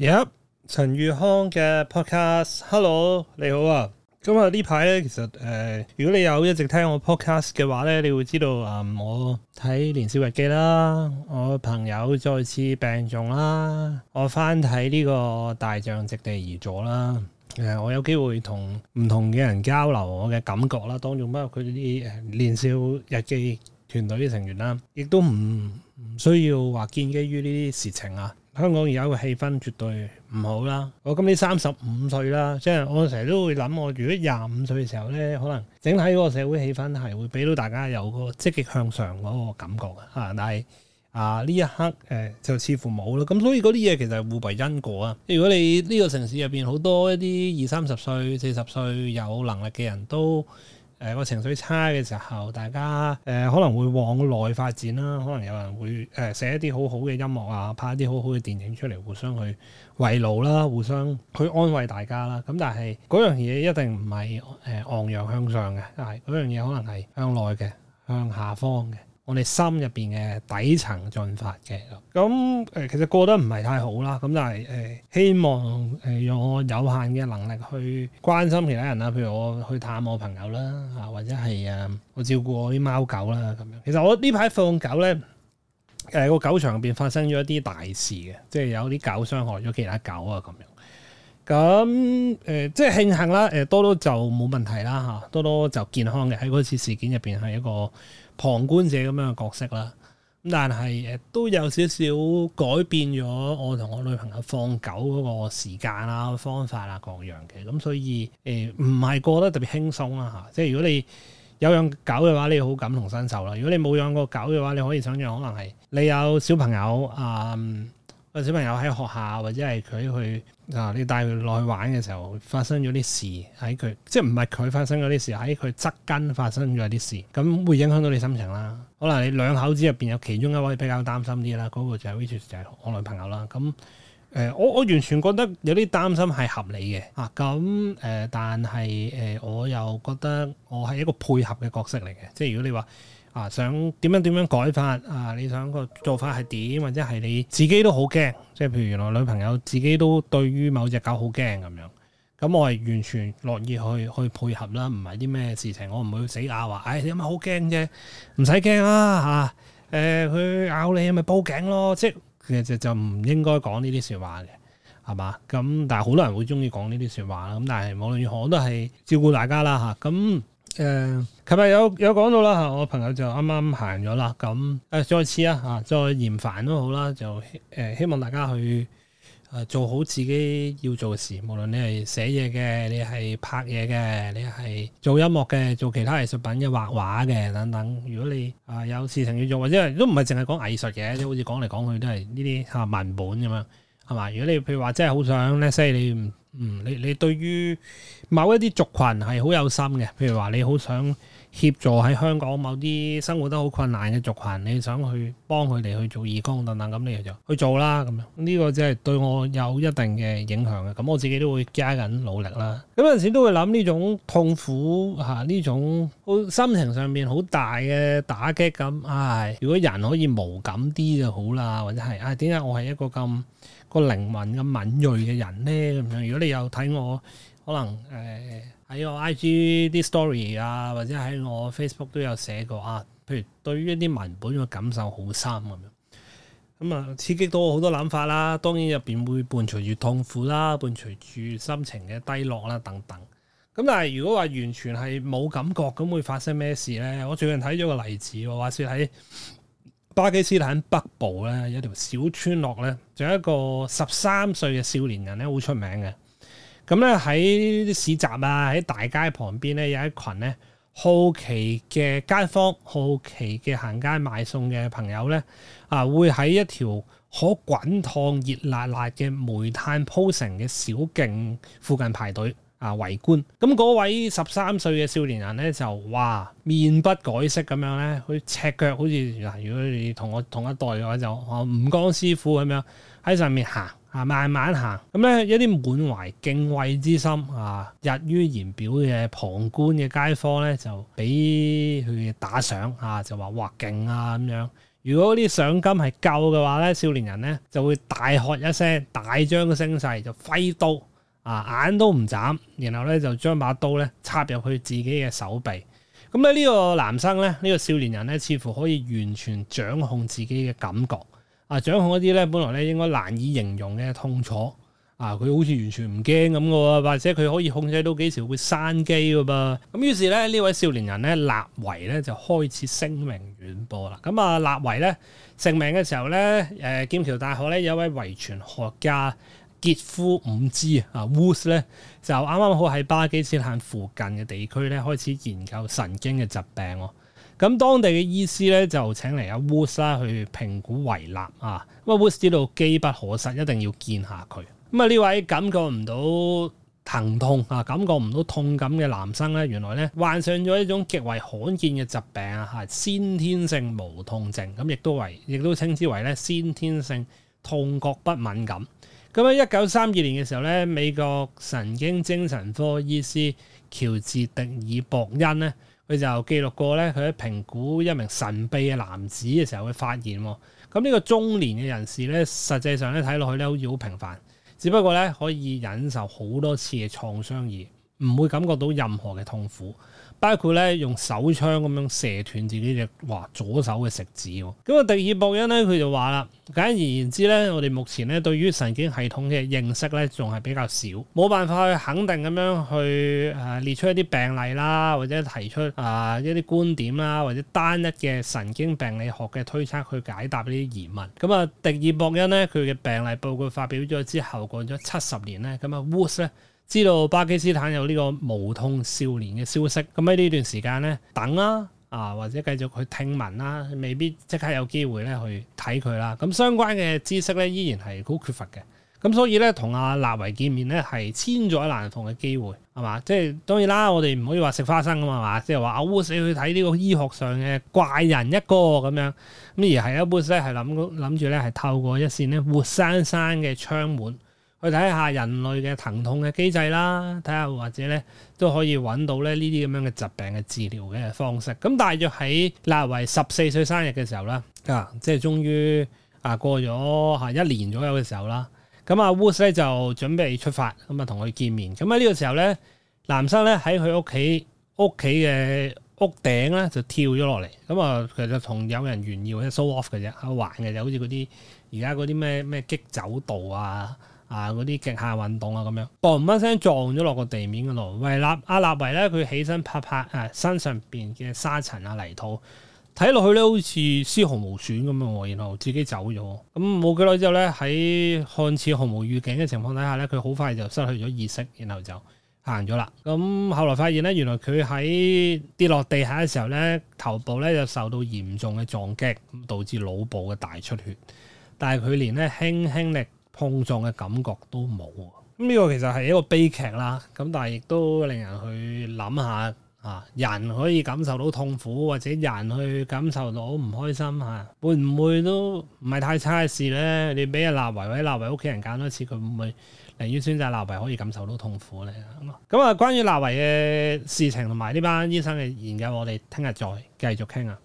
耶！陳宇、yeah, 康嘅 podcast，Hello，你好啊！今日呢排咧，其實誒、呃，如果你有一直聽我 podcast 嘅話咧，你會知道誒、嗯，我睇年少日記啦，我朋友再次病重啦，我翻睇呢個大象席地而坐啦，誒、呃，我有機會同唔同嘅人交流我嘅感覺啦，當中包括佢哋啲誒年少日記團隊啲成員啦，亦都唔唔需要話建基於呢啲事情啊。香港而家個氣氛絕對唔好啦！我今年三十五歲啦，即係我成日都會諗，我如果廿五歲嘅時候呢，可能整體嗰個社會氣氛係會俾到大家有個積極向上嗰個感覺嘅嚇。但係啊呢一刻誒就似乎冇咯，咁所以嗰啲嘢其實互為因果啊！如果你呢個城市入邊好多一啲二三十歲、四十歲有能力嘅人都，誒個、呃、情緒差嘅時候，大家誒、呃、可能會往內發展啦，可能有人會誒、呃、寫一啲好好嘅音樂啊，拍一啲好好嘅電影出嚟，互相去慰勞啦，互相去安慰大家啦。咁但係嗰樣嘢一定唔係誒昂揚向上嘅，但係嗰樣嘢可能係向內嘅，向下方嘅。我哋心入邊嘅底層進發嘅咁誒，其實過得唔係太好啦。咁就係誒，希望誒、呃、用我有限嘅能力去關心其他人啦。譬如我去探我朋友啦，啊或者係啊，我照顧我啲貓狗啦咁樣。其實我呢排放、呃、狗咧，喺個狗場入邊發生咗一啲大事嘅，即係有啲狗傷害咗其他狗啊咁樣。咁誒、呃，即係慶幸啦，誒、呃、多多就冇問題啦嚇，多多就健康嘅，喺嗰次事件入邊係一個旁觀者咁樣嘅角色啦。咁但係誒、呃、都有少少改變咗我同我女朋友放狗嗰個時間啊、方法啦、啊、各樣嘅。咁所以誒唔係過得特別輕鬆啦、啊、嚇。即係如果你有養狗嘅話，你好感同身受啦、啊。如果你冇養過狗嘅話，你可以想象可能係你有小朋友啊。嗯個小朋友喺學校或者係佢去啊，你帶佢落去玩嘅時候發生咗啲事喺佢，即係唔係佢發生嗰啲事，喺佢側根發生咗啲事，咁會影響到你心情啦。可能你兩口子入邊有其中一位比較擔心啲啦，嗰、那個就係 which 就係我女朋友啦。咁誒、呃，我我完全覺得有啲擔心係合理嘅啊。咁、嗯、誒、呃，但係誒、呃，我又覺得我係一個配合嘅角色嚟嘅。即係如果你話，啊，想點樣點樣改法啊？你想個做法係點，或者係你自己都好驚，即係譬如原來女朋友自己都對於某隻狗好驚咁樣。咁我係完全樂意去去配合啦，唔係啲咩事情，我唔會死咬話，唉、哎，你有乜好驚啫，唔使驚啦。呃嚇。誒，佢咬你咪報警咯，即其實就就唔應該講呢啲説話嘅，係嘛？咁但係好多人會中意講呢啲説話啦。咁但係無論如何我都係照顧大家啦嚇。咁。誒，琴日、呃、有有講到啦吓，我朋友就啱啱行咗啦，咁誒，再次啦，吓、啊，再嫌煩都好啦，就誒、呃，希望大家去誒、啊、做好自己要做事，無論你係寫嘢嘅，你係拍嘢嘅，你係做音樂嘅，做其他藝術品、嘅、畫畫嘅等等。如果你啊有事情要做，或者係都唔係淨係講藝術嘅，即好似講嚟講去都係呢啲吓文本咁樣。係嘛？如果你譬如話真係好想咧，即係你唔唔，你你對於某一啲族群係好有心嘅，譬如話你好想。協助喺香港某啲生活得好困難嘅族群，你想去幫佢哋去做義工等等咁，你就去做啦咁樣。呢個即係對我有一定嘅影響嘅。咁我自己都會加緊努力啦。咁有陣時都會諗呢種痛苦嚇，呢種心情上面好大嘅打擊咁。唉，如果人可以無感啲就好啦，或者係唉，點解我係一個咁個靈魂咁敏鋭嘅人呢？咁樣？如果你有睇我。可能誒喺、呃、我 IG 啲 story 啊，或者喺我 Facebook 都有寫過啊。譬如對於一啲文本嘅感受好深咁樣，咁、嗯、啊刺激到我好多諗法啦。當然入邊會伴隨住痛苦啦，伴隨住心情嘅低落啦等等。咁、嗯、但係如果話完全係冇感覺，咁會發生咩事咧？我最近睇咗個例子喎，話說喺巴基斯坦北部咧有條小村落咧，仲有一個十三歲嘅少年人咧，好出名嘅。咁咧喺市集啊，喺大街旁邊咧有一群咧好奇嘅街坊、好奇嘅行街買餸嘅朋友咧，啊會喺一條可滾燙熱辣辣嘅煤炭鋪成嘅小徑附近排隊啊圍觀。咁、嗯、嗰位十三歲嘅少年人咧就哇，面不改色咁樣咧，佢赤腳好似、啊，如果你同我同一代嘅話就話吳江師傅咁樣喺上面行。啊，慢慢行咁咧，一啲滿懷敬畏之心啊，溢於言表嘅旁觀嘅街坊咧，就俾佢打賞啊，就話哇勁啊咁樣。如果啲賞金係夠嘅話咧，少年人咧就會大喝一聲，大張聲勢就揮刀啊，眼都唔眨，然後咧就將把刀咧插入去自己嘅手臂。咁咧呢個男生咧，呢、這個少年人咧，似乎可以完全掌控自己嘅感覺。啊！掌控嗰啲咧，本來咧應該難以形容嘅痛楚。啊，佢好似完全唔驚咁嘅喎，或者佢可以控制到幾時會閂機嘅噃。咁於是咧，呢位少年人咧，立維咧就開始聲名遠播啦。咁啊，立維咧成名嘅時候咧，誒劍橋大學咧有一位遺傳學家傑夫伍茲啊，Woods 咧就啱啱好喺巴基斯坦附近嘅地區咧開始研究神經嘅疾病喎。咁當地嘅醫師咧就請嚟阿 Woods 去評估維納啊，咁啊 Woods 知道機不可失，一定要見下佢。咁啊呢位感覺唔到疼痛啊，感覺唔到痛感嘅男生咧，原來咧患上咗一種極為罕見嘅疾病啊，係先天性無痛症，咁亦都為亦都稱之為咧先天性痛覺不敏感。咁喺一九三二年嘅時候咧，美國神經精神科醫師喬治迪爾博恩咧。佢就記錄過咧，佢喺評估一名神秘嘅男子嘅時候會發現，咁呢個中年嘅人士咧，實際上咧睇落去咧好似好平凡，只不過咧可以忍受好多次嘅創傷而唔會感覺到任何嘅痛苦。包括咧用手槍咁樣射斷自己隻哇左手嘅食指，咁啊，迪爾博恩咧佢就話啦，簡而言之咧，我哋目前咧對於神經系統嘅認識咧仲係比較少，冇辦法去肯定咁樣去誒列出一啲病例啦，或者提出啊一啲觀點啦，或者單一嘅神經病理學嘅推測去解答呢啲疑問。咁啊，迪爾博恩咧佢嘅病例報告發表咗之後，過咗七十年咧，咁啊 Woods 咧，知道巴基斯坦有呢個無痛少年嘅消息，咁喺呢段時間咧等啦、啊，啊或者繼續去聽聞啦、啊，未必即刻有機會咧去睇佢啦。咁相關嘅知識咧依然係好缺乏嘅，咁所以咧同阿納維見面咧係千載難逢嘅機會，係嘛？即係當然啦，我哋唔可以話食花生啊嘛，即係話嘔死去睇呢個醫學上嘅怪人一個咁樣，咁而係阿、啊、布斯咧係諗諗住咧係透過一扇咧活生生嘅窗門。去睇下人類嘅疼痛嘅機制啦，睇下或者咧都可以揾到咧呢啲咁樣嘅疾病嘅治療嘅方式。咁大約喺立為十四歲生日嘅時候啦，啊，即係終於啊過咗係一年左右嘅時候啦。咁啊 Woods 咧就準備出發，咁啊同佢見面。咁喺呢個時候咧，男生咧喺佢屋企屋企嘅屋頂咧就跳咗落嚟。咁啊，其實同有人炫耀咧，so off 嘅啫，玩嘅就好似嗰啲而家嗰啲咩咩激走道啊～啊！嗰啲極限運動等等啪啪啊，咁樣，嘣一聲撞咗落個地面嗰度。為立阿立維咧，佢起身拍拍誒身上邊嘅沙塵啊泥土，睇落去咧好似絲毫無損咁啊！然後自己走咗。咁冇幾耐之後咧，喺看似毫無預警嘅情況底下咧，佢好快就失去咗意識，然後就行咗啦。咁、嗯、後來發現咧，原來佢喺跌落地下嘅時候咧，頭部咧就受到嚴重嘅撞擊，咁導致腦部嘅大出血。但係佢連咧輕輕力碰撞嘅感覺都冇，咁、這、呢個其實係一個悲劇啦。咁但係亦都令人去諗下，啊，人可以感受到痛苦，或者人去感受到唔開心，嚇會唔會都唔係太差嘅事呢？你俾阿納維或者納維屋企人揀多次，佢會唔會寧願選擇納維可以感受到痛苦呢？咁啊，關於納維嘅事情同埋呢班醫生嘅研究，我哋聽日再繼續傾啊。